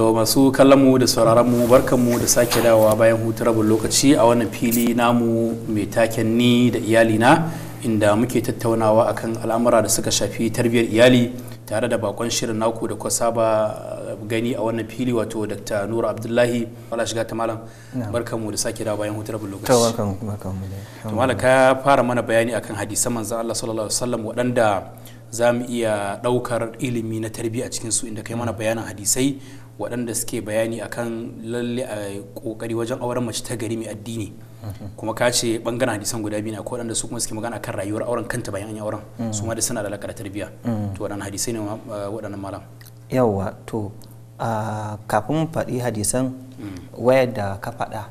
to masu kallonmu da sauraronmu barkanmu da sake dawowa bayan hutu rabin lokaci a wannan fili namu mai taken ni da iyalina inda muke tattaunawa akan al'amura da suka shafi tarbiyyar iyali tare da bakon shirin naku da kuka saba gani a wannan fili wato dr nura abdullahi wala shiga ta malam barkanmu da sake dawowa bayan hutu rabin lokaci to malam ka fara mana bayani akan hadisan manzon Allah sallallahu alaihi wasallam waɗanda za mu iya ɗaukar ilimi na tarbiyya a cikin su inda kai mana bayanin hadisai waɗanda suke bayani akan lalle a ƙoƙari wajen auren mace ta gari mai addini kuma ka ce bangaren hadisan guda biyu na ko waɗanda su kuma suke magana akan rayuwar auren kanta bayan an yi auren mm. su ma da suna da alaƙa tarbiyya mm. to waɗannan hadisai ne waɗannan malam yawwa to kafin faɗi hadisan mm. wayar da ka faɗa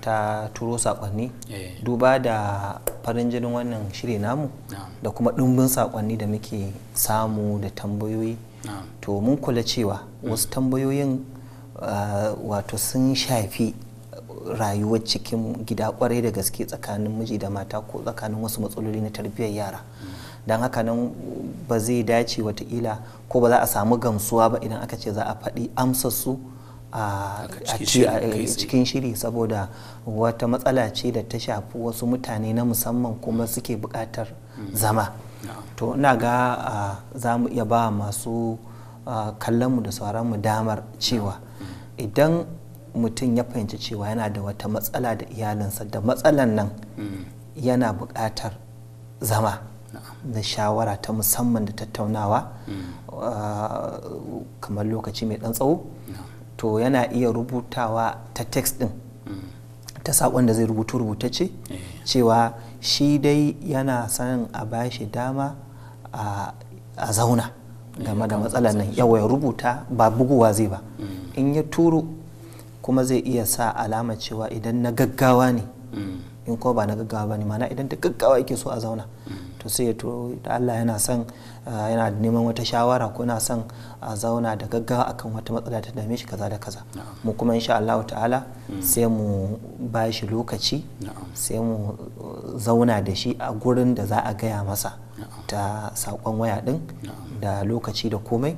ta turo saƙonni eh. duba da farin jinin wannan shiri namu da kuma ɗumbin saƙonni da muke samu da tambayoyi to mun kula cewa wasu tambayoyin uh, wato sun shafi rayuwar cikin gida kwarai da gaske tsakanin miji da mata ko tsakanin wasu matsaloli na tarbiyyar yara don haka nan ba zai dace watakila ko ba za a samu gamsuwa ba idan aka ce za a faɗi amsar su a cikin shiri saboda wata matsala ce da ta shafi wasu mutane na musamman kuma suke buƙatar mm. zama to ina ga za mu iya ba masu kallonmu da mu damar cewa idan mutum ya fahimci cewa yana da wata matsala da iyalinsa da matsalan nan mm. yana buƙatar zama da shawara ta musamman da tattaunawa mm. kamar lokaci mai ɗan tsawo to yana iya rubutawa ta text ɗin mm. ta saƙon da zai rubutu rubutacce eh. cewa shi dai yana son a ba shi dama a zauna game da matsalar nan yawa ya rubuta ba buguwa zai ba mm. in ya turo kuma zai iya sa alama cewa idan na gaggawa ne mm. in ko ba na gaggawa ba ne mana idan ta gaggawa yake so a zauna mm. to sai to Allah yana son yana neman wata shawara ko yana son a zauna da gaggawa akan wata matsala ta dame shi kaza da kaza mu kuma insha Allah ta'ala mm. sai mu ba shi lokaci sai mu uh, zauna da shi a gurin da za a gaya masa ta saƙon waya ɗin da lokaci da komai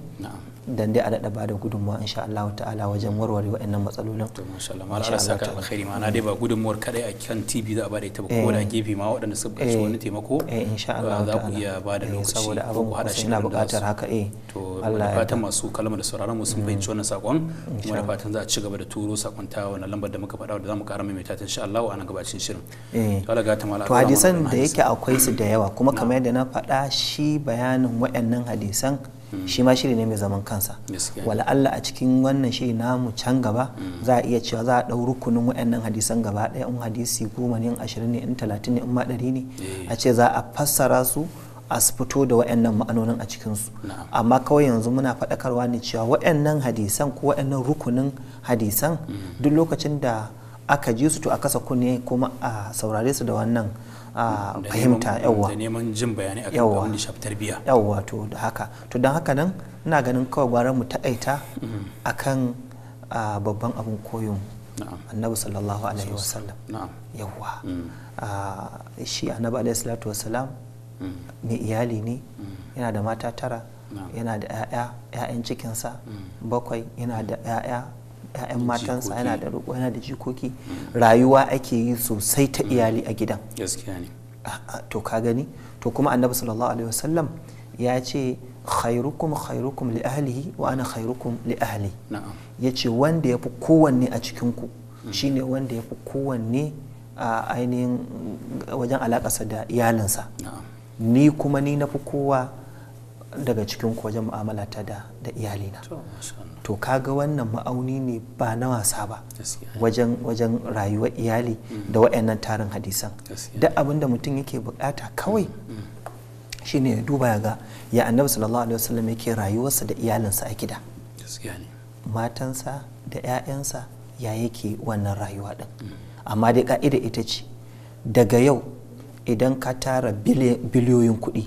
dan dai a daɗa ba da gudunmuwa insha Allah ta'ala wajen warware waɗannan matsalolin. To masha Allah ma Allah saka alkhairi na dai ba gudunmuwar kadai a kan TV za a ba da ita ba ko da eh. gefe ma waɗanda suka su eh. wani taimako. Eh insha Allah ta'ala. Za ku iya ba da eh, lokaci saboda abin ku hada shi na buƙatar haka eh. To Allah ya fatan masu kalmar da sauraron mu sun mm. fahimci wannan sakon kuma da fatan za a ci gaba da turo sakon ta wannan lambar da muka faɗa da zamu ƙara maimaita ta insha Allah a nan gabacin shirin. Eh. To Allah ga ta malaka. To hadisan da yake akwai su da yawa kuma kamar yadda na faɗa shi bayanin waɗannan hadisan Mm. shi ma shiri ne mai zaman kansa wala Allah a cikin wannan shiri namu can gaba mm. za a iya cewa za a ɗau rukunin waɗannan hadisan gaba ɗaya in hadisi goma ne in ashirin ne in talatin ne in ma ɗari ne eh. a ce za a fassara su a fito da waɗannan ma'anonin a cikin su. amma kawai yanzu muna faɗakarwa ne cewa waɗannan hadisan ko waɗannan rukunin hadisan mm. duk lokacin da aka ji su to a kasa kunne kuma a saurare su da wannan Ah, fahimta yawa da neman jin bayani akan abin da shafi tarbiyya yawa to da haka to don haka nan ina ganin kawai gwara mu taƙaita mm-hmm. akan ah, babban abin koyon annabi sallallahu alaihi wasallam yawa mm. ah, shi annabi alaihi salatu wasalam mm. mai iyali ne mm. yana da mata tara yana da 'ya'ya 'ya'yan cikinsa bakwai yana da 'ya'ya 'ya'yan matansa yana da roƙo yana da jikoki rayuwa ake yi sosai ta iyali a gidan to ka gani to kuma annabi sallallahu alaihi wasallam ya ce khairukum khairukum li ahlihi wa ana khairukum li ahli ya ce wanda ya fi kowanne a cikinku mm. shine wanda ya fi kowanne a ainihin wajen alakarsa da iyalinsa ni kuma ni na fi kowa daga cikin wajen mu'amala ta da iyalina to kaga wannan ma'auni ne ba na wasa ba wajen wajen rayuwar iyali mm. da wa'annan tarin hadisan duk abin da mutum yake bukata kawai mm, mm. shine ya duba ya ga ya annabi sallallahu alaihi wasallam yake rayuwarsa da iyalinsa a gida matansa da 'ya'yansa ya yake wannan rayuwa din amma dai ka'ida ita ce daga yau idan ka tara biliyoyin kuɗi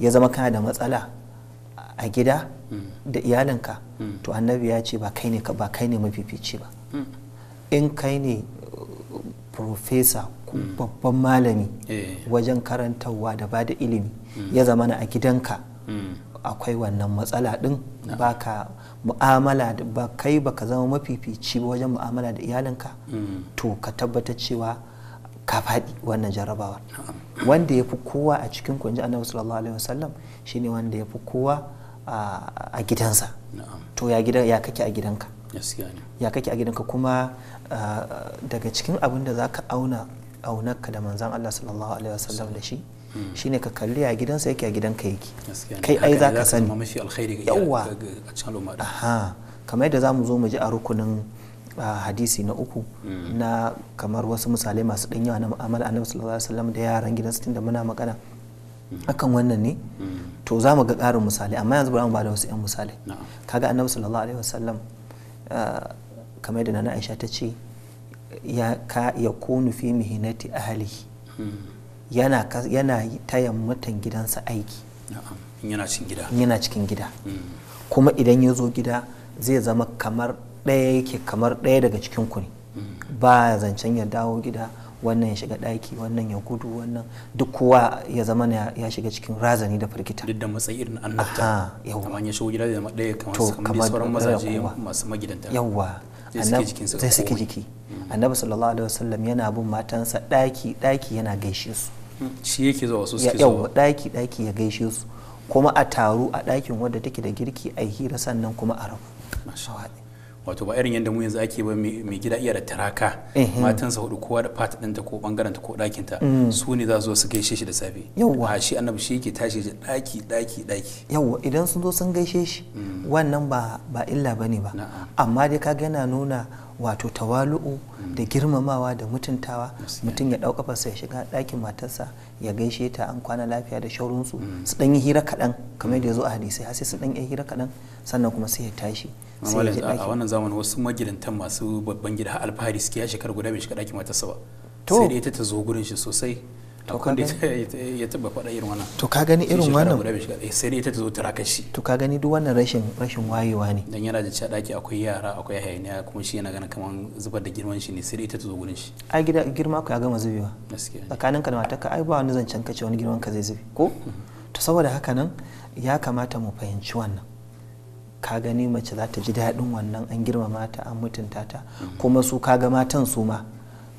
ya zama kana da matsala a gida mm. da iyalinka mm. to annabi ya ce ba kai ne ba kai ne mafifici ba mm. in kai ne uh, profesa ko babban malami eh. wajen karantarwa da ba da ilimi ya zama a gidanka akwai wannan matsala din ah. baka mu'amala ba kai baka zama mafifici wajen mu'amala da iyalinka to ka tabbata cewa ka faɗi wannan jarabawa wanda ya fi kowa a cikin kunji annabi sallallahu alaihi wasallam shine wanda ya fi kowa a gidansa to ya gida ya kake a gidanka ya kake a gidanka kuma daga cikin abin da za ka auna aunarka da manzan Allah sallallahu alaihi wasallam da shi hmm. shine ka kalli a gidansa yake a gidanka yake kai ai za ka sani yawa kamar yadda za mu zo mu ji a rukunin hadisi na uku hmm. na kamar wasu misalai masu ɗan yawa na mu'amala annabi sallallahu alaihi wasallam da yaran gidansa tunda muna magana akan wannan ne mm. to za mu ga ƙarin misali amma yanzu ba mu ba da wasu 'yan misali kaga annabi sallallahu alaihi wasallam ah, kamar da nana aisha ta ce ya ka ya kunu fi mihinati ahli mm. yana yana taya mutan gidansa aiki yana cikin gida yana cikin gida mm. kuma idan ya zo gida zai zama kamar ɗaya yake kamar ɗaya daga cikin ku ne ba zancen ya dawo gida wannan ya shiga ɗaki wannan ya gudu wannan duk kowa ya zama ya shiga cikin razani da firgita duk da matsayi irin annabta kamar ya shigo gida da kamar daya kamar sauran mazaje masu magidanta yawa zai suke jiki annabi sallallahu alaihi wasallam yana bin matansa ɗaki ɗaki yana gaishe su hmm. shi yake zuwa su suke zuwa ɗaki ɗaki ya gaishe su kuma a taru a ɗakin wadda take da girki a hira sannan kuma a rabu wato ba irin yadda mu yanzu ake ba mai gida iya da taraka matansa hudu kowa da fata ɗinta ko bangaren ta ko ɗakin ta mm. su ne za su zo su gaishe shi da safe yawa shi annabi shi yake tashi da ɗaki ɗaki ɗaki yawwa idan sun zo sun gaishe shi mm. wannan ba ba illa bane ba amma dai kaga yana nuna wato tawalu'u mm. da girmamawa da mutuntawa mutum ya ɗauka ya shiga ɗakin matarsa ya gaishe ta an kwana lafiya da shaurinsu mm. su ɗan yi hira kaɗan kamar yadda ya zo a mm. hadisai har sai su ɗan yi hira kaɗan sannan kuma sai ya tashi a wannan zamanin wasu magidantan masu babban gida alfahari suke ya shekara guda bai shiga ɗakin matarsa ba sai dai ta ta zo gurin shi sosai to da ya taba faɗa irin wannan to ka gani irin wannan sai dai ita ta zo ta raka shi to ka gani duk wannan rashin rashin wayewa ne dan yana da daki akwai yara akwai hayaniya kuma shi yana ganin kaman zubar da girman shi ne sai dai ita ta zo gurin shi ai gida girma ku ya gama zubewa tsakanin ka da matarka ai ba wani zancen kace wani girman ka zai zube ko mhm. to saboda haka nan ya kamata mu fahimci wannan ka gani mace za ta ji daɗin wannan an girmama ta an mutunta ta mhm. kuma su kaga matan su ma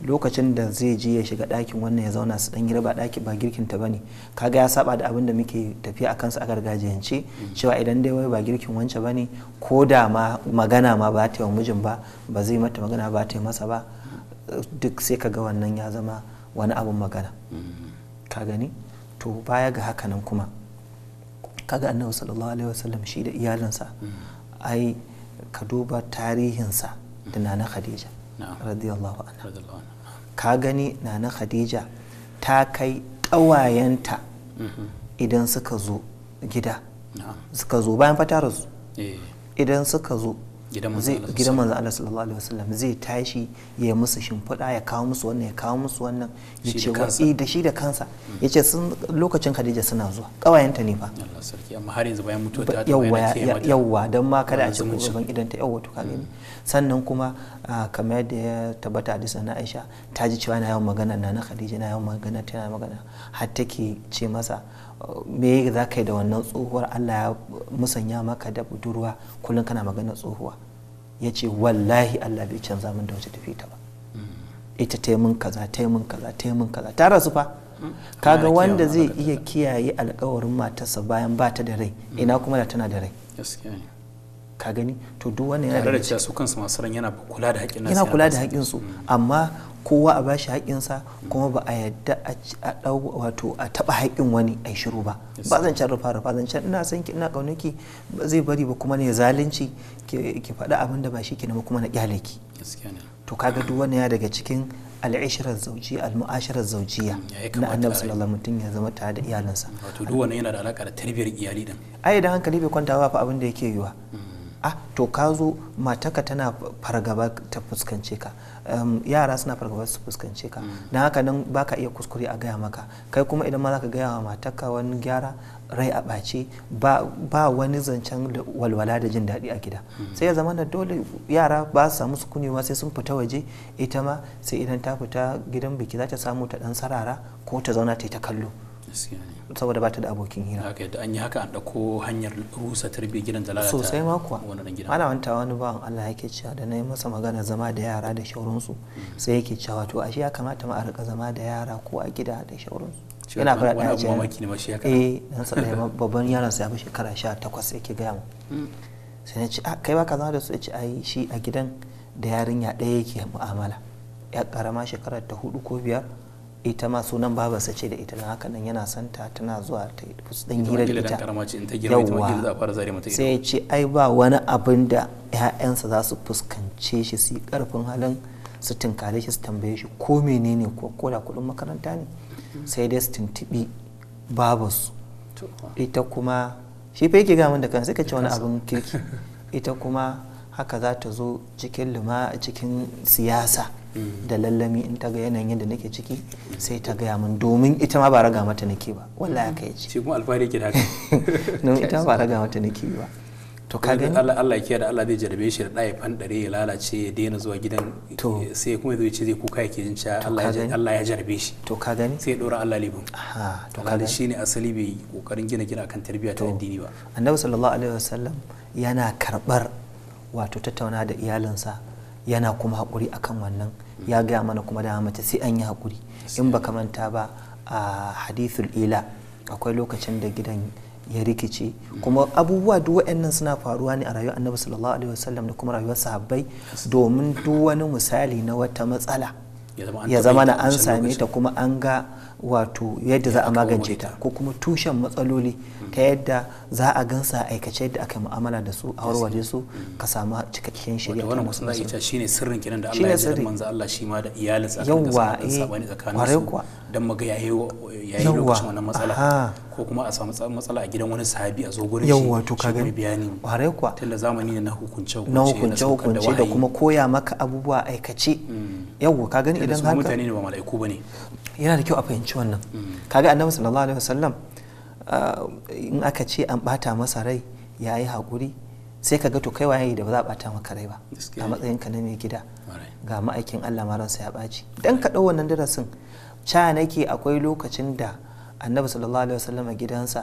lokacin da zai je ya shiga ɗakin wannan ya zauna su ɗan raba ɗaki ba girkin ta bane kaga ya saba da abin da muke tafiya a kansa a gargajiyance cewa idan dai wai ba girkin wance bane ko da ma magana ma ba ta yi mijin ba ba zai mata magana ba ta yi masa ba duk sai ka ga wannan ya zama wani abin magana ka gani to baya ga haka nan kuma kaga annabi sallallahu alaihi wasallam shi da iyalinsa ai ka duba tarihinsa da na khadija radiyallahu anha ka gani nana khadija ta kai ƙawayenta mhm. idan suka zo gida suka zo bayan fatarar eh. idan suka zo gidan manzo Allah sallallahu alaihi wasallam zai tashi ya musu shimfiɗa ya kawo musu wannan ya kawo musu wannan ya ce watsi eh, da shi da kansa hmm. ya ce sun lokacin Khadija suna zuwa kawayenta ne fa Allah sarki amma har yanzu bayan mutuwa ta yawwa yawwa dan ma kada a ci gaban idan ta yawwa to kaga hmm. sannan kuma kamar yadda ya tabbata a disa na Aisha ta ji cewa na yawan magana na na Khadija na yawan magana tana magana har take ce masa me za ka yi da wannan tsohuwar allah ya musanya maka da budurwa kullum kana magana tsohuwa ya ce wallahi allah bai canza min da wace tafi ta ba mm. ita taimun mun kaza ta kaza taimun kaza ta rasu fa mm. kaga wanda zai iya kiyaye alkawarin matarsa bayan ba ta da rai mm. ina kuma da tana da rai ka gani to duk wannan yana da cewa su kansu masu ran yana kula da yana kula da haƙƙin su amma kowa a bashi haƙƙinsa kuma ba a yadda a ɗau wato a taɓa haƙƙin wani a shiru ba ba zan can rufa rufa zan can ina san ki ina ƙauna ki zai bari ba kuma ne zalunci ki faɗi abin da ba shi ki nama kuma na ƙyale ki to kaga duk wannan ya daga cikin al'ishirar zaujiya al'ashirar mm, zaujiya na annabi sallallahu alaihi ya zama tare da iyalinsa wato duk yana da alaƙa da tarbiyyar iyali din ai idan hankali bai kwanta ba fa abin da yake yiwa mm. ah to ka zo mataka tana fargaba ta fuskance ka yara suna fargaba su fuskance ka mm. don haka nan baka iya kuskure a gaya maka kai kuma idan ma ka gaya wa mataka wani gyara rai a ɓace ba, wani zancen walwala da jin daɗi a gida mm sai ya zama na dole yara ba su samu sukunewa sai sun fita waje ita ma sai idan ta fita gidan biki za ta samu ta ɗan sarara ko ta zauna ta yi ta kallo saboda bata da abokin hira haka yadda an yi haka an dauko hanyar rusa tarbiyyar gidan da lalata sosai ma kuwa ana wanta wani ba Allah yake cewa da nayi masa magana zama da yara da shaurinsu mm. sai yake cewa to ashe ya kamata mu a rika zama da yara ko a gida da shauransu yana fara da ajiya eh dan babban yaron sa ya fi shekara 18 yake ga mu mm. sai na ce ah, kai ba ka zama da su ya ce ai shi a gidan da yarinya ɗaya yake mu'amala ya karama shekara ta hudu ko biyar ita ma sunan babarsa ce da ita don haka nan yana santa tana zuwa ta dan hira da ita sai ce ai ba wani abin da 'ya'yansa za su fuskance shi su yi karfin halin su tunkare shi su tambaye shi ko menene ko koda kudin makaranta ne sai dai su tuntubi babarsu ita kuma shi fa yake gamin da kan sai ka ce wani abin kirki ita kuma haka za ta zo cikin luma cikin siyasa Mm. da lallami in ta ga yanayin yadda nake ciki sai ta gaya min domin ita ma ba raga mata nake ba wallahi haka kai ce shi kuma alfahari yake da haka don ita ba raga mata nake ba to ka gani Allah Allah ya da Allah zai jarabe shi da ɗaya fandare ya lalace ya daina zuwa gidan to sai kuma zai ce zai kuka yake jin cewa Allah ya Allah ya jarabe shi to ka gani sai ya dora Allah libin aha to ka gani shine asali bai kokarin gina gina kan tarbiyya ta addini ba annabi sallallahu alaihi wasallam yana karbar wato tattauna da iyalinsa yana kuma haƙuri akan wannan ya mm. gaya mana kuma da mace sai an yi haƙuri in ba ka manta ba a hadithul ila akwai lokacin da gidan ya rikice mm. kuma abubuwa duk waɗannan suna faruwa ne a rayuwar annabi sallallahu alaihi wasallam da kuma rayuwar sahabbai domin duk wani misali na wata matsala ya zama na an same ta kuma an ga wato yadda za a magance ta ko kuma tushen matsaloli ta yadda za a gansa aikace yadda aka mu'amala da su a warware su ka samu cikakken shari'a wannan wasu za ita shine sirrin kiran da Allah ya ji manzo Allah shi ma da iyalinsa akan kasa eh, sabani tsakanin su dan maga yayi yayi lokacin wannan matsala ko kuma a samu matsala a gidan wani sahabi a zo gurin shi yawa to kaga bayani kwarai kuwa tunda zamani ne na hukunce hukunce na hukunce hukunce da kuma koya maka abubuwa aikace mm. yawa ka gani idan haka mutane ne ba mala'iku bane yana da kyau a fahimci wannan mm. kaga annabi sallallahu alaihi wasallam in aka ce an bata masa rai ya yi haƙuri sai ka ga to kai waye da ba za a bata maka rai ba a matsayin ka na mai gida ga ma'aikin Allah ma ransa ya ɓaci dan ka ɗau wannan darasin ca nake akwai lokacin da annabi sallallahu alaihi wasallam a gidansa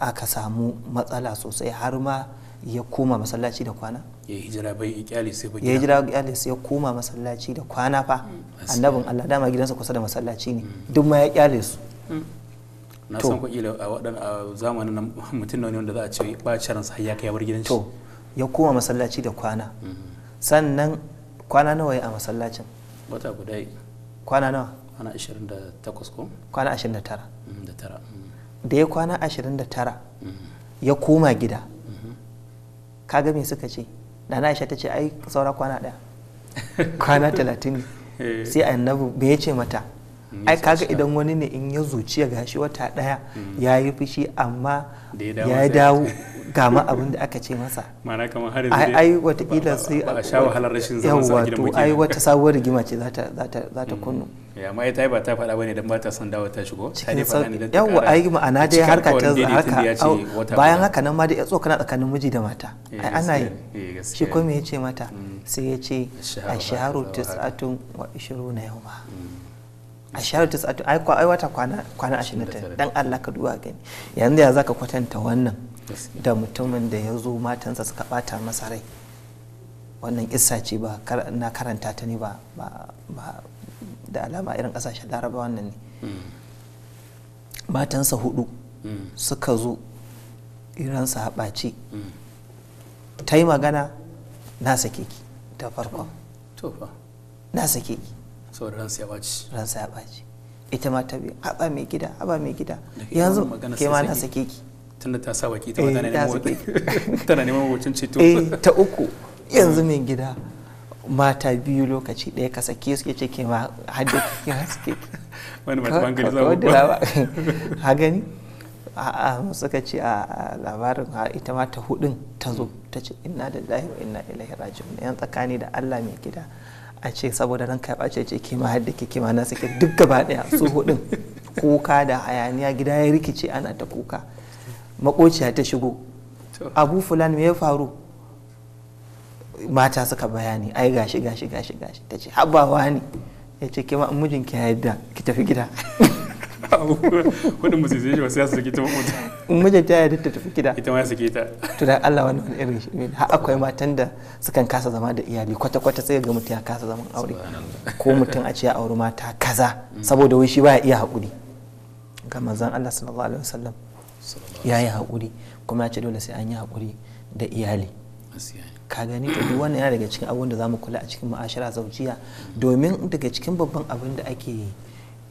aka samu matsala sosai har ma ya koma masallaci da kwana ya hijira bai kyale sai ba ya hijira kyale sai ya koma masallaci da kwana fa mm. annabin Allah dama gidansa kusa da masallaci ne mm. duk ma ya kyale su mm. na san ko ila a wadan a zamanin nan mutum ne wanda za a ce ba charan sa ya kai bar gidan shi to ya koma masallaci da kwana mm-hmm. sannan kwana nawa ya a masallacin wata guda kwana nawa kwana 28 ko kwana 29 da tara mm, mm. da ya kwana 29 mm-hmm. ya koma gida mm-hmm. kaga me suka ce nana Aisha ta ce ai saura kwana daya kwana 30 eh. sai annabi bai ce mata ai kaga idan wani ne in ya zuciya gashi wata daya mm. ya yi fushi amma ya dawo gama abin da aka ce masa mana kamar har yanzu ai watakila sai a sha wahalar rashin zaman sa gidan mutum ai wata sabuwar rigima ce za ta za ta za ta mm. kunnu ya mai ta ba ta faɗa bane dan ba ta son dawo ta shigo ta dai faɗa ne dan yawa ai ma'ana dai harka ta haka bayan haka nan ma da ya kana tsakanin miji da mata eh, ai ana yi eh, shi ko me yace mata mm. sai ya ce asharu tis'atun wa 20 yawma a ta tis'atu ai ai wata kwana kwana 29 dan Allah ka duwa gani yanzu ya zaka kwatanta wannan da mutumin da ya zo matansa suka bata masa rai wannan kissa ce ba na karanta ta ne ba da alama irin kasashen laraba wannan ne matansa hudu suka zo irin iransa haɓace ta yi magana na sake ki ta farko na sake ki so ransa ya ɓaci ransa ita ma ta biyu haɓa mai gida haɓa mai gida yanzu ke ma na sake ki tunda ta sa waki eh, ta tana neman wacin ceto eh, ta uku yanzu mai gida mata biyu lokaci ɗaya ka sake suke ce ke ma hadda ke haske wani ba ta hankali za ba ha gani a suka ce a labarin ita ma ta hudun ta zo ta ce inna da lahi wa inna ilaihi raji'un yan tsakani da Allah mai gida a ce saboda ranka ya ɓace ce kima hadda ke kima na suke duk gaba ɗaya su hudun kuka da hayaniya gida ya rikice ana ta kuka makociya ta shigo abu fulan me ya faru mata suka bayani ai gashi gashi gashi gashi ta ce habawa ne ya ce kima mijinki ya yadda ki tafi gida kudin musu sai ba sai su sake ta makwabta in mijinta ya ta tafi gida ita ma ya suke ta to da Allah wani wani irin shi har akwai matan da sukan kasa zama da iyali kwata kwata sai ga mutum ya kasa zaman aure ko mutum a ce ya auri mata kaza saboda wai shi baya iya hakuri ga manzon Allah sallallahu alaihi wasallam ya yi haƙuri kuma ya ce dole sai an yi haƙuri da iyali ka gani to duk wannan yana daga cikin abubuwan da zamu kula a cikin ma'ashara zaujiya domin daga cikin babban abin da ake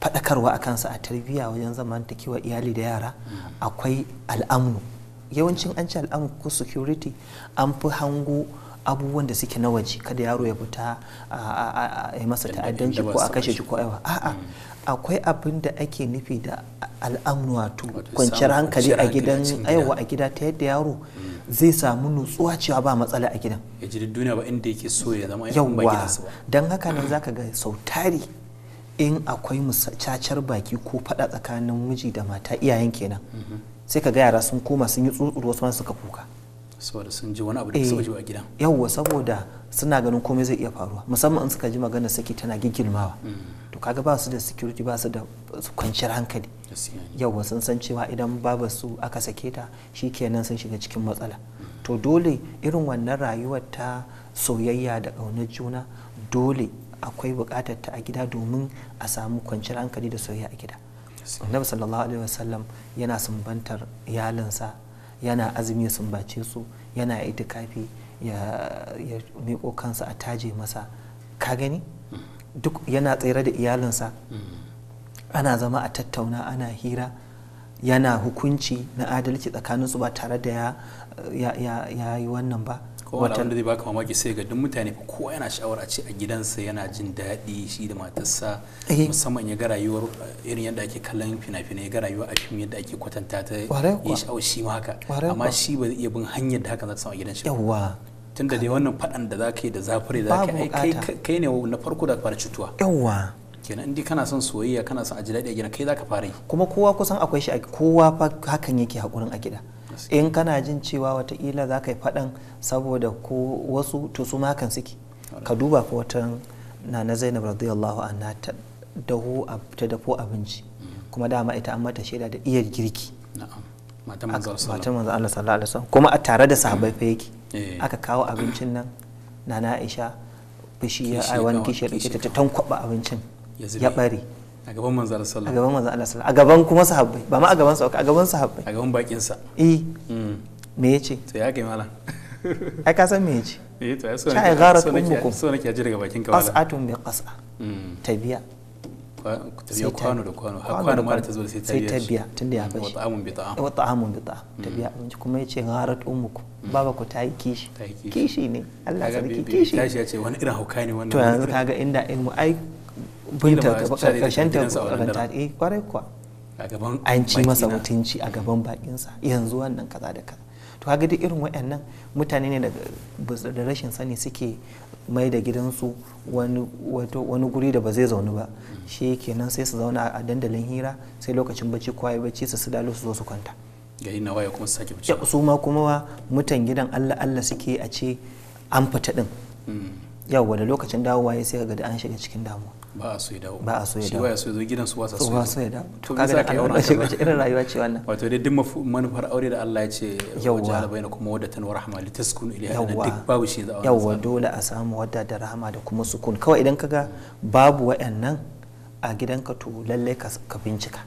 faɗakarwa a kansa a tarbiyya wajen zamantakewa iyali da yara akwai al'amnu yawancin an ce al'amnu ko security an fi hango abubuwan da suke na waje kada yaro ya fita a masa ta'addanci ko a kashe shi ko aiwa a'a hmm. akwai abin da ake nufi da al'amnu wato kwanciyar hankali a gidan aiwa a gida ta yadda yaro hmm. zai samu nutsuwa cewa ba matsala a gidan ya ji duniya ba inda yake so ya zama yawwa don haka nan zaka ga sautari in akwai cacar baki ko faɗa tsakanin miji da mata iyayen kenan sai ka ga yara sun koma sun yi tsutsuru wasu suka kuka saboda sun ji wani abu da suka eh. ji a gidan yawwa saboda suna ganin komai zai iya faruwa musamman in suka ji magana saki tana gigilmawa mm. to kaga ba su da security ba su da kwanciyar hankali yawwa sun san cewa idan babu su aka sake ta shi shikenan sun shiga cikin matsala to dole irin wannan rayuwar ta soyayya da ƙaunar juna dole akwai buƙatar ta a gida domin a samu kwanciyar hankali da soyayya a gida annabi sallallahu alaihi wasallam yana sumbantar yalinsa yana azumi ya sumbace su yana itikafi ya ya miƙo kansa a taje masa ka gani duk yana tsere da iyalinsa ana zama a tattauna ana hira yana hukunci na adalci tsakanin su ba tare da ya yi wannan ba wata da zai baka mamaki sai ga duk mutane fa kowa yana sha'awar a ce a gidansa yana jin daɗi shi da matarsa eh. musamman ya ga rayuwar eh, irin yadda ake kallon fina-finai ya ga rayuwa a fim yadda ake kwatanta ta ya sha'awar shi ma haka amma shi ba zai iya bin hanyar da haka za ta samu a gidan shi yawa tun da dai wannan faɗan da za ka yi da zafire za ka yi kai ne na farko da fara cutuwa yawa kenan indai kana son soyayya kana son a ji daɗi a gidan kai za ka fara yi kuma kowa kusan akwai shi a kowa fa hakan yake haƙurin a gida in kana jin cewa watakila za ka yi faɗan saboda ko wasu to su makan suke ka duba ko wata na na zainab radiyallahu anha ta dahu ta dafo abinci mm. kuma dama ita an mata shaida da iya girki matan manzo Allah sallallahu alaihi wasallam kuma a tare da sahabbai fa yake eh. aka kawo abincin nan nana Aisha fushi ya wani kishiyar da ta tankwaba abincin ya bare a gaban manzo Allah sallallahu a gaban manzo a gaban kuma sahabbai ba ma a gaban sa a gaban sahabbai a gaban bakin sa eh hmm. me yace to ya kai malam ai ka san me yace eh to ya so ne gara ummukum so ka ji daga bakin ka wala asatun bi qas'a hmm. tabiya tabiya kwano da kwano har kwano ma ta zo sai tabiya sai tabiya tunda ya hmm, fashi Wa ta'amun bi ta'am ta'amun bi ta'am tabiya ji kuma yace garat ummukum baba ku ta yi kishi kishi ne Allah sarki kishi tashi ya ce wani irin hauka ne wannan to yanzu kaga inda ilmu ai binta karshen ta kwarai kuwa an ci masa mutunci a gaban bakinsa yanzu wannan kaza da kaza to kaga duk irin waɗannan mutane ne da rashin sani suke mai da gidansu wani guri da ba zai zaunu ba shi kenan sai su zauna a dandalin hira sai lokacin bacci kwaye bacci su dalo su zo su kwanta gari na waya kuma su sake bacci su ma kuma mutan gidan Allah Allah suke a ce an fita din hmm. yawwa da lokacin dawowa ya sai ga da an shiga cikin damuwa ba a so ya dawo ba a so ya dawo shi ya so ya zo gidan su wasa so ba so ya dawo to kaga da an shi wace irin rayuwa ce wannan wato dai duk manufar aure da Allah ya ce wajen albayna kuma wadda tan rahama li taskunu ilayha duk babu shi za a yawwa dole a samu wadda da rahama da kuma sukun kawai idan kaga babu wayannan a gidanka to lalle ka bincika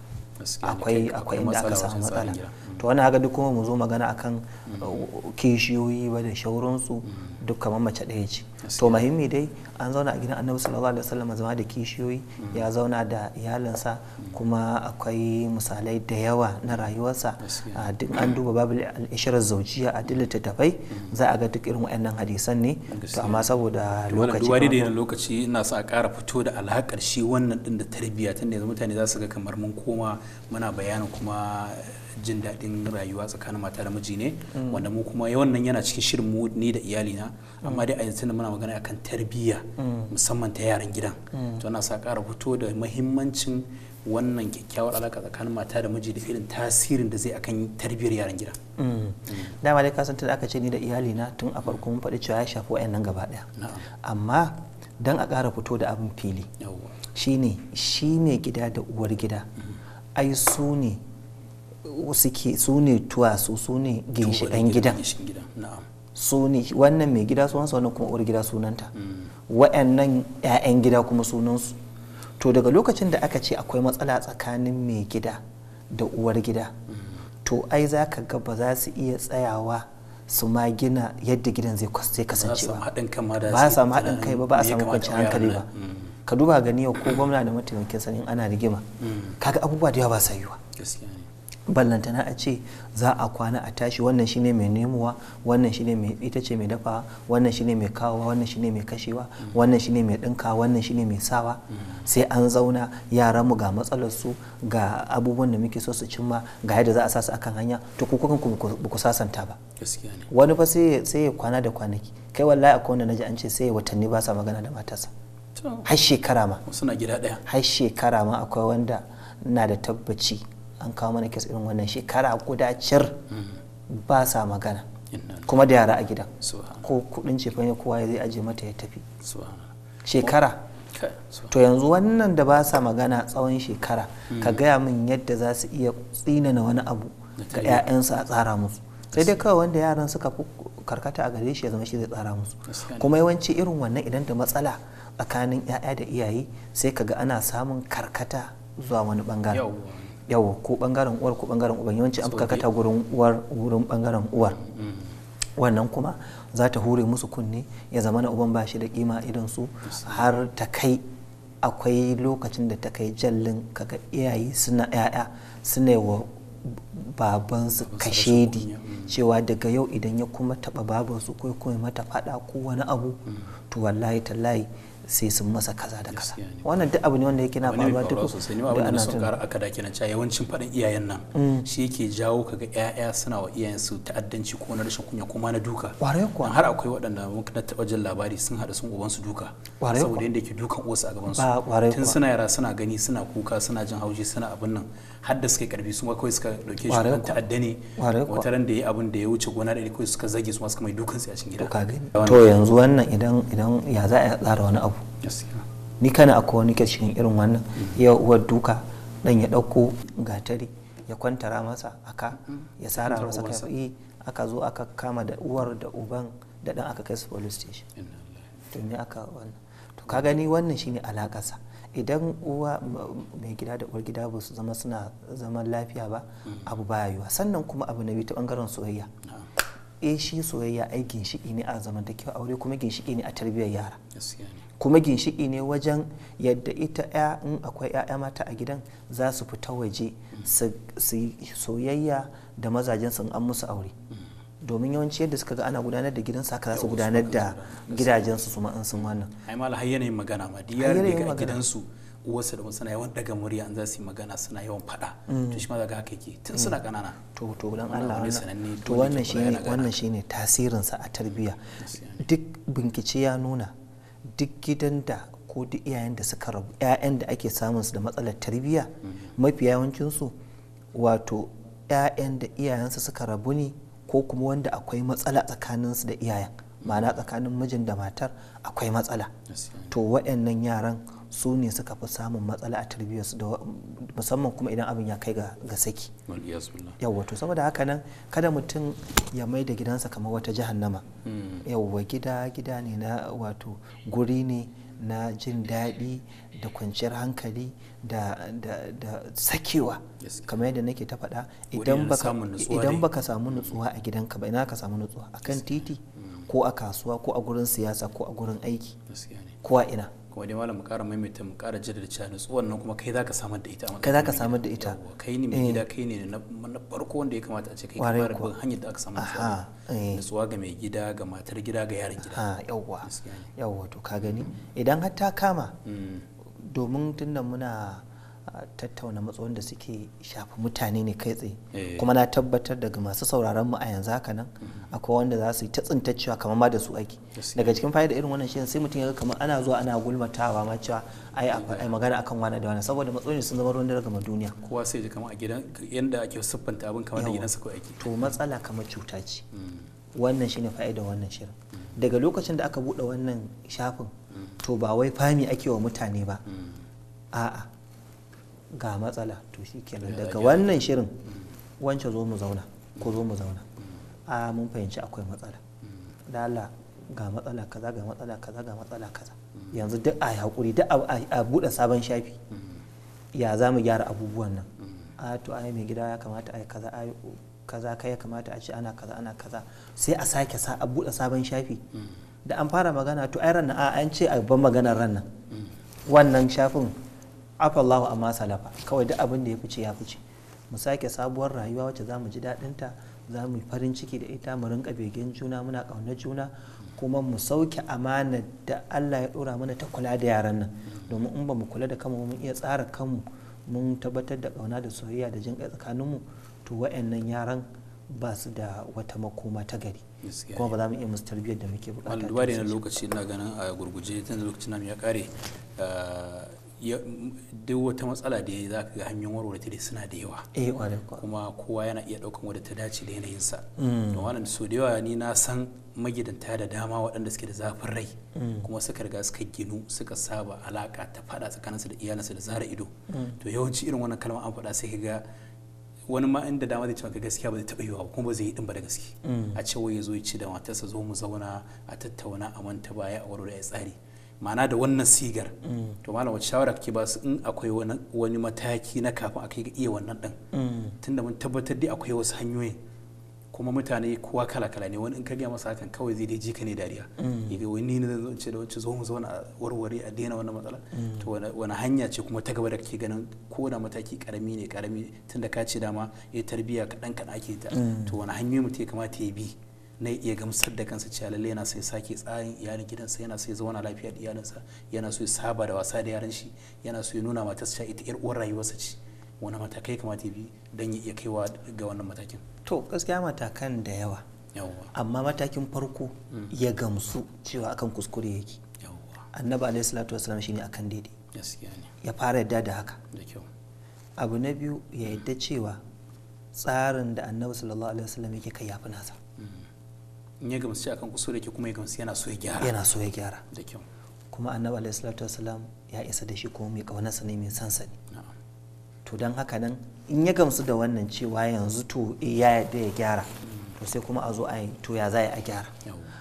akwai akwai inda aka samu matsala to wani haka duk kuma mu zo magana akan mm-hmm. uh, kishiyoyi ba da shauransu mm-hmm. duk kamar mace ɗaya ce to mahimmi dai an zauna a gidan annabi sallallahu alaihi wasallam zama da kishiyoyi mm-hmm. ya zauna da iyalinsa mm-hmm. kuma akwai misalai da yawa na rayuwarsa duk an duba babu al'ishirar zaujiya a duk littattafai mm-hmm. za a ga duk irin wayannan hadisan ne to amma saboda lokaci wani da lokaci ina sa a ƙara fito da alhakar shi wannan din da tarbiyya tun da mutane za su ga kamar mun koma muna bayanin kuma jin daɗin rayuwa tsakanin mata da miji ne mm. wanda mu kuma wannan yana cikin shirin mu ni da iyalina amma dai a yanzu muna magana akan tarbiyya mm. musamman ta yaran gidan mm. to ana sa ƙara fito da mahimmancin wannan kyakkyawar alaka tsakanin mata da miji da irin tasirin da zai akan tarbiyyar yaran gida. Mm. dama dai kasance da aka ce ni da iyali na tun a farko mun faɗi cewa ya shafi wayan nan gaba ɗaya amma don a ƙara fito da abin fili shine shi gida da uwar gida mm-hmm. ai su ne suke su ne tuwasu su ne ginshiƙan gidan su ne wannan mai gida sunansa wannan kuma uwar gida sunanta wa'annan 'ya'yan gida kuma sunansu to daga lokacin da aka ce akwai matsala tsakanin mai gida da uwar gida to ai za ka ga ba za su iya tsayawa su ma gina yadda gidan zai kasance ba a samu haɗin kai ba ba a samu kwanci hankali ba mm. ka duba gani yau ko gwamna da mataimakin sanin ana rigima mm. kaga abubuwa da yawa ba sa yiwa ballantana a ce za a kwana a tashi wannan shine mai nemowa wannan shine mai ita ce mai dafa wannan shine mai kawowa wannan shine mai kashewa wannan shine mai dinka wannan shine mai sawa sai an zauna yaran mu ga matsalar su ga abubuwan da muke so su cimma ga yadda za a sa su akan hanya to ku kukan ku ku sasanta ba wani fa sai sai ya kwana da kwanaki kai wallahi akwai wanda naji an ce sai watanni ba sa magana da matarsa har shekara ma suna gida daya har shekara ma akwai wanda na da tabbaci an kawo mana kes irin wannan shekara guda cir mm-hmm. ba sa magana kuma da yara a gida ko kudin cefa ne kowa zai aje mata ya tafi shekara to yanzu wannan da ba sa magana tsawon shekara mm. ka gaya min yadda za su iya tsinana wani abu ga 'ya'yansu a tsara musu sai dai kawai wanda yaran suka fi karkata a gare shi ya zama shi zai tsara musu kuma yawanci irin wannan idan da matsala tsakanin 'ya'ya da iyaye sai ka ga ana samun karkata zuwa wani bangare Yawo ko bangaren uwar ko bangaren uban yawanci an kakata gurin uwar gurin bangaren uwar mm-hmm. wannan kuma za ta hure musu kunne ya zama na uban ba shi da kima idan su har ta kai akwai lokacin da ta kai jallin kaga iyaye suna yaya suna wa babansu kashedi mm. cewa daga yau idan ya kuma taba babansu ko kuma mata fada ko wani abu mm. to wallahi tallahi sai sun masa kaza da kaza wannan duk abu ne wanda yake na faruwa duk sosai ne abin da sun kara aka dake na cewa yawancin faɗin iyayen nan mm. shi yake jawo kaga ƴaƴa suna wa iyayen su ta'addanci ko na rashin kunya kuma na duka kwarai kuwa har akwai waɗanda muka na taɓa jin labari sun haɗa sun uban su duka saboda yadda yake dukan uwarsu a gaban su tun suna yara suna gani suna kuka suna jin haushi suna abin nan har da suka yi karfi sun kawai suka dauke shi kan ta'adda ne wata ran da ya abin da ya wuce gona da kawai suka zage su ma suka mai dukan su a cikin gida to yanzu wannan idan idan ya za a tsara wani abu ni kana akwai wani cikin irin wannan mm. ya uwar duka dan ya dauko gatari ya kwantara masa aka mm. ya tsara masa kai eh, aka zo aka kama da uwar da uban da dan aka kai su police station to ne aka wannan to ka gani wannan shine alakarsa idan uwa mai gida da uwar gida ba su zama suna zaman lafiya ba mm. abu yi yiwa sannan kuma abu na biyu ta bangaren soyayya eh shi soyayya ai ginshiki ne a zamantakewa aure kuma ginshiki ne a tarbiyyar yara kuma ginshiki ne wajen yadda ita ya in akwai 'ya'ya mata a gidan za su fita waje su soyayya da mazajen sun an musu aure domin yawanci yadda suka ga ana gudanar da gidan haka za su gudanar da gidajensu su an sun wannan ai mala har yanayin magana ma diyar da gidansu uwarsa da suna yawan daga murya an za su yi magana suna yawan fada mm. to shi ma daga haka yake tun suna mm. ƙanana to to dan Allah to wannan shine wannan shine tasirinsa a tarbiyya duk binkici ya nuna duk gidan da ko duk iyayen da suka rabu ƴaƴan da ake samun su da matsalar tarbiyya mafi yawancinsu wato 'ya'yan da su suka rabu ne ko kuma wanda akwai matsala tsakanin su da iyayen ma'ana tsakanin mijin da matar akwai matsala to waɗannan yaran su ne suka fi samun matsala a tarbiyyarsu da musamman kuma idan abin ya kai ga saki yawwa to saboda haka nan kada mutum ya mai da gidansa kamar wata jahannama hmm. yawwa gida gida ne na wato guri ne na jin daɗi da kwanciyar hankali da, sakewa yes. kamar yadda nake ta faɗa idan baka samu nutsuwa a gidanka ba ina ka samu nutsuwa a kan titi hmm. ko a kasuwa ko a gurin siyasa ko a gurin aiki ko a ina wani dai mu kara maimaita mu ƙara jaddada cewa nutsuwar nan kuma kai zaka samar da ita kai zaka samar da ita kai ne mai gida eh. kai ne na farko wanda ya kamata a ce kai kamar bin hanyar da aka samu eh. nutsuwa ga mai gida ga matar gida ga yaran gida yawwa yawwa to ka gani idan har ta kama mm. domin tunda muna tattauna matsalolin da suke shafi mutane ne kai tsaye eh. kuma na tabbatar daga masu sauraron mu a yanzu haka nan mm-hmm. akwai wanda za su yi ta tsintaccewa kamar ma da su aiki daga cikin fa'ida irin wannan shi sai mutum ya kamar ana zuwa ana gulmatawa ma cewa ai ai magana akan wani da wani saboda matsalolin sun zama ruwan dare ga duniya kowa sai ji kamar a gidan yanda ake siffanta abin kamar da gidansa ko aiki to matsala kamar cuta ce mm. wannan shine fa'ida wannan shirin mm. daga lokacin da aka bude wannan shafin mm. to ba wai fami ake wa mutane ba a'a ga matsala to shi kenan daga wannan shirin wance zo mu zauna ko zo mu zauna a mun fahimci akwai matsala da ga matsala kaza ga matsala kaza ga matsala kaza yanzu duk a hakuri duk a buɗe sabon shafi ya za mu gyara abubuwan nan a to ai mai gida ya kamata ai kaza ai kaza kai ya kamata a ce ana kaza ana kaza sai a sake sa a buɗe sabon shafi da an fara magana to ai nan a an ce a ban maganar nan mm. wannan shafin afallahu amma salafa kawai duk abin da ya fice ya fice mu sake sabuwar rayuwa wacce za mu ji dadinta za mu farin ciki da ita mu rinka begen juna muna kauna juna kuma mu sauke amana da Allah ya dora mana ta kula da yaran nan domin in ba mu kula da kanmu mun iya tsara kanmu mun tabbatar da kauna da soyayya da jin ƙai tsakaninmu to wa'annan yaran ba su da wata makoma ta gari kuma ba za mu iya musu tarbiyyar da muke bukata. Wanda duba da lokaci ina ganin a gurguje tun lokacin nan ya kare ah, duk wata matsala da ya za ka ga hanyoyin warware ta suna da yawa eh, kuma kowa yana iya ɗaukan wadda ta dace da yanayinsa mm. da wannan so da yawa ni na san magidanta da dama waɗanda suke da zafin rai mm. kuma suka riga suka ginu suka saba alaka ta faɗa tsakaninsu da iyalinsu da zara ido mm. to yawanci irin wannan kalmar an faɗa sai ka ga wani ma inda dama zai ce maka gaskiya ba zai taɓa yiwa kuma ba zai yi ɗin ba da gaske a ce wai ya zo ya ci da matarsa zo mu zauna a tattauna a manta baya a ya tsari ma'ana da wannan sigar mm. to malam wace shawara kake ba su in akwai wani mataki na kafin a ga iya wannan din mm. tunda mun tabbatar dai akwai wasu hanyoyin kuma mutane kowa kala kala ne wani in ka gaya masa hakan kawai zai dai jika ne dariya mm. yaga wani ne zan ce da wacce zo mu zauna a warware a daina wannan matsala to wani hanya ce kuma ta gaba da kake ganin ko da mataki karami ne karami tunda ka ce dama ya tarbiya kadan kadan ake ta to wani hanyoyi mutum ya kamata ya bi na iya gamsar da kansa cewa lalle yana sai sake tsarin iyalin gidansa yana sai zauna lafiya da iyalinsa yana so saba da wasa da yaran shi yana so ya nuna matarsa ita yar uwar rayuwarsa ce wani matakai kamata ya bi don ya iya kaiwa ga wannan matakin to gaskiya matakan da yawa amma matakin farko mm. ya gamsu cewa akan kuskure yake annabi alayhi salatu wasallam shine akan daidai ya fara yadda da haka abu na biyu ya yadda cewa tsarin da annabi sallallahu alaihi wasallam yake kai yafi nasa mm. in ya gamsu akan kusur yake kuma ya gamsu yana so ya gyara yana so ya gyara da kyau kuma annabi alaihi salatu wasalam ya isa da shi kuma mai kaunarsa ne mai sansa ne to don haka nan in ya gamsu da wannan cewa yanzu to eh, ya yadda ya gyara to sai kuma a zo a yi to ya za a gyara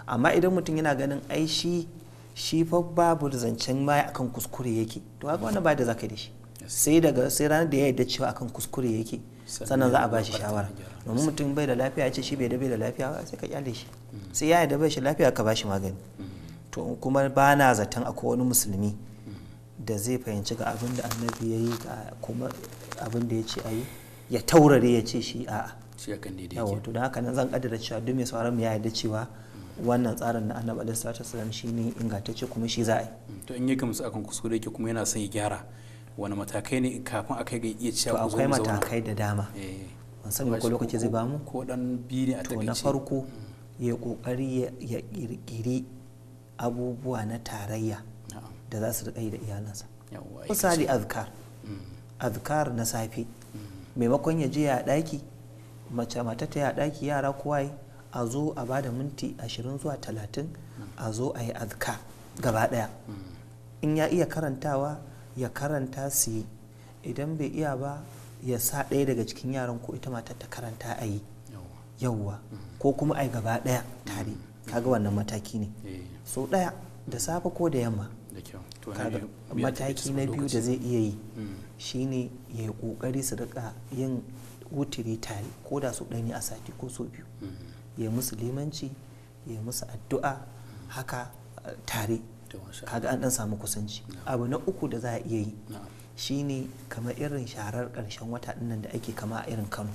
amma idan mutum yana ganin ai shi shi fa babu zancen ma akan kuskure yake to haka wannan ba da zaka da shi sai daga sai ranar da ya yarda cewa akan kuskure yake sannan za a bashi shawara domin mutum bai da lafiya ya ce shi bai da bai da lafiya sai ka kyale shi sai ya yarda bai shi lafiya ka bashi magani to kuma ba na zaton akwai wani musulmi da zai fahimci ga abin da annabi ya yi kuma abin da ya ce a yi ya taurare ya ce shi a'a yawa to don haka nan zan kaddara cewa duk mai sauran ya yarda cewa wannan tsarin na annabi alaihi salatu wasallam shine ingantacce kuma shi za a yi mm, to in ya musu akan kuskure yake kuma yana son ya gyara wani matakai ne kafin a kai ga iya cewa akwai matakai da dama eh. ban sani ko lokaci zai bamu ko dan biyu ne a to na farko mm. ya ƙoƙari ya kirkiri abubuwa na tarayya da za su riƙa yi da iyalansa misali azkar mm. azkar na safe mm. maimakon ya je ya daki mace mata ta ya ɗaki yara kowa a zo a ba da minti ashirin zuwa talatin mm. a zo a yi azkar gaba ɗaya in ya iya karantawa ya karanta su idan bai iya ba ya sa ɗaya daga cikin yaran ko ita matar ta karanta a yi yauwa ko kuma ai gaba daya tare kaga wannan mataki ne eh. so daya da safe ko da yamma mataki na biyu da zai iya yi hmm. shine ya yi kokari su rika yin wutiri tare ko da su ɗani a sati ko so biyu hmm. ya musu limanci ya musu addu'a haka tare kaga an dan samu kusanci abu na uku da za a iya yi shine kamar irin sharar karshen wata dinnan da ake kama a irin kano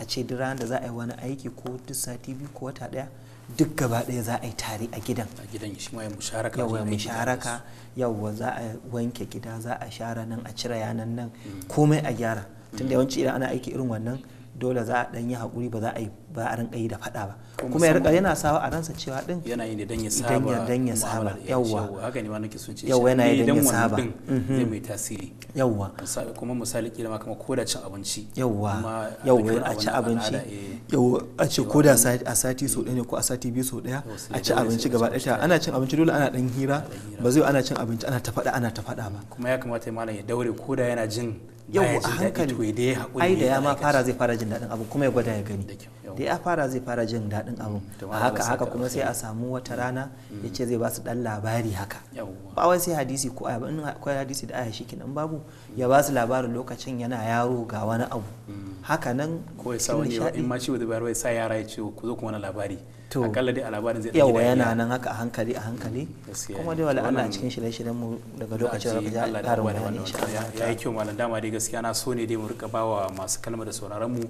a ce duk ran da za a yi wani aiki ko duk sati biyu ko wata daya duk gaba daya za a yi tare a gidan a gidan shi ma ya musharaka yawa musharaka yawa za a wanke gida za a share nan a cire yanan nan mm. komai a gyara tunda yawanci idan ana aiki irin wannan dole za a dan yi hakuri ba za a yi ba a rinka yi da fada ba kuma ya yana sawa a ransa cewa din yana yi ne dan ya saba dan ya saba yawa haka ne ma nake son ce yawa yana yi dan ya saba mhm. zai mai tasiri yawa kuma misali kila ma kuma koda cin abinci yawa yawa a ci abinci eh. yawa a ce koda a sati so ɗaya ne ko a sati biyu so ɗaya a ci abinci gaba ɗaya ana cin abinci dole ana dan hira ba zai ana cin abinci ana ta fada ana ta fada ba kuma ya kamata malam ya daure koda yana jin yau a hankali ai da ya ma fara zai fara jin daɗin abu kuma ya gwada ya gani da ya fara zai fara jin daɗin abu mm, a haka haka kuma sai a samu wata mm. rana ya ce zai ba su ɗan labari haka ba wai sai hadisi ko aya in akwai hadisi da aya shi kenan babu ya ba su labarin lokacin yana yaro ga wani abu mm. haka nan ko ya sa wani in ma ciwo da ya sa yara ya ce ku zo ku wani labari akalla dai a labarin zai yawa yana nan haka a hankali a hankali kuma dai wala Allah cikin shirye-shiryen mu daga lokacin da ya ƙarin bayani insha Allah ya yi kyau malam dama dai gaskiya na so ne dai mu rika bawa masu kalma da sauraron mu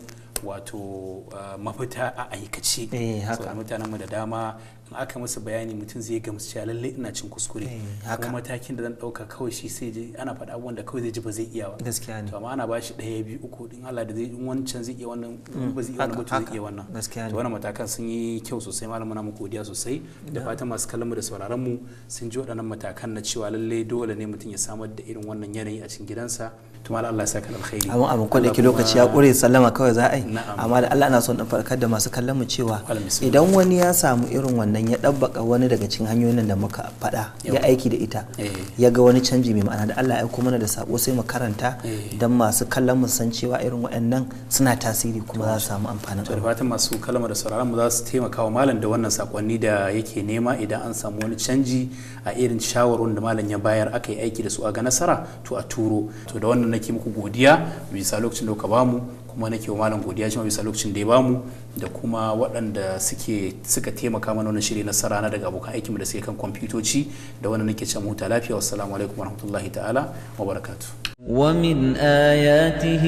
wato ah, mafita a aikace eh, saboda mutanen mu da dama in aka masa bayani mutum zai gamsu cewa lalle ina cin kuskure eh, kuma matakin da zan dauka kawai shi sai je ana faɗa abubuwan da kawai zai ji ba zai iya ba gaskiya ne to amma ana bashi ɗaya biyu uku din Allah da zai in wancan zai iya wannan mm, ba zai iya wannan ba zai iya wannan gaskiya ne to wannan matakan sun yi kyau sosai malamu na muku godiya sosai da fatan masu kallon mu da sauraron mu sun ji waɗannan matakan na cewa lalle dole ne mutum ya samar da irin wannan yanayi a cikin gidansa tuma Allah ya saka alkhairi amma amma ko dake lokaci ya kure sallama kawai za a yi amma da Allah ana son dan farkar da masu kallon mu cewa idan wani ya samu irin wannan ya dabbaka wani daga cikin hanyoyin da muka faɗa ya aiki da ita eh. ya ga wani canji mai ma'ana da Allah ya aiko mana da sako sai mu karanta eh. dan masu kallon mu san cewa irin waɗannan suna tasiri kuma za su samu amfanin to da fatan masu kallon da sauraron mu za su taimaka wa malam da wannan sakonni da yake nema idan an samu wani canji a irin shawarwarin da malam ya bayar aka yi aiki da su a ga nasara to a turo to da wannan na nake muku godiya bisa lokacin da bamu kuma nake wa malam godiya shi bisa lokacin da ya bamu da kuma waɗanda suke suka taimaka mana wani shiri na sarana daga abokan aiki da suke kan kwamfutoci da wannan nake can huta lafiya wassalamu alaikum warahmatullahi ta'ala wa barakatuh ومن آياته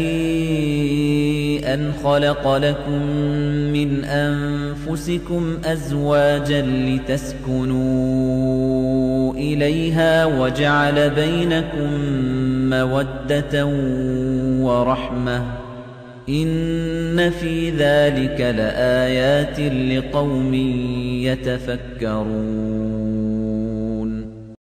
أن خلق لكم من أنفسكم أزواجا لتسكنوا إليها وجعل بينكم مَوَدَّةً وَرَحْمَةً إِنَّ فِي ذَلِكَ لَآيَاتٍ لِقَوْمٍ يَتَفَكَّرُونَ